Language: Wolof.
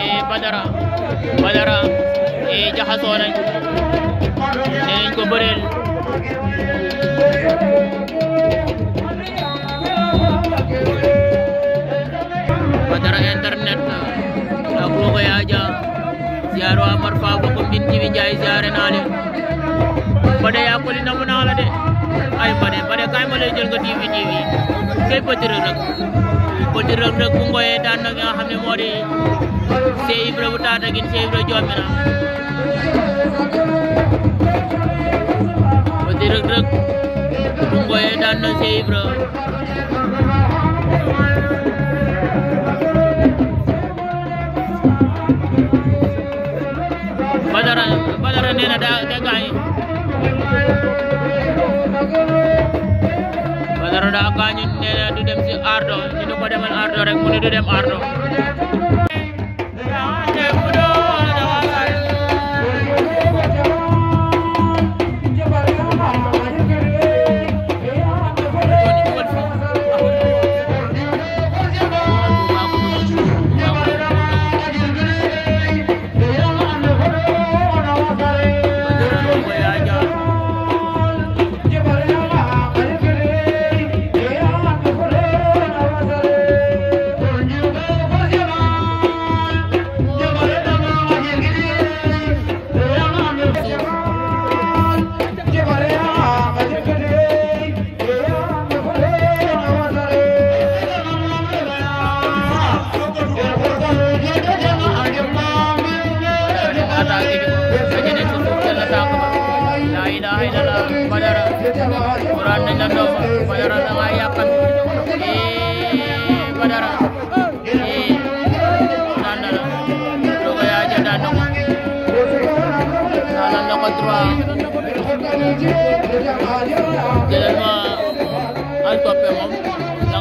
Eh, Badara Badara eh, jaxasoo nañ nee eh, nañ ko bëreel internet daa ko ko yaaja ziar waa Marfa bokkum din jibi jaay ziare naa leen Bada yaa ko namu naa la de ay Bada Bada kaay ma lay jël nga TV TV kay Petit ngoyee daan na nga xam ne Cheikh Ibra bu Tataguine Cheikh Ibra Diomina Petit Reug Reug bu Ngoye daan na Cheikh Ibra Badara Badara nee na daa da gaañ Badara daa gaañu nee na du dem ci ardo ñu ko demal ardo rek mu ne du dem ardo Quran dan Nando Bayaran yang Di kan? Badara Di Nanda Luka ya aja Nando apa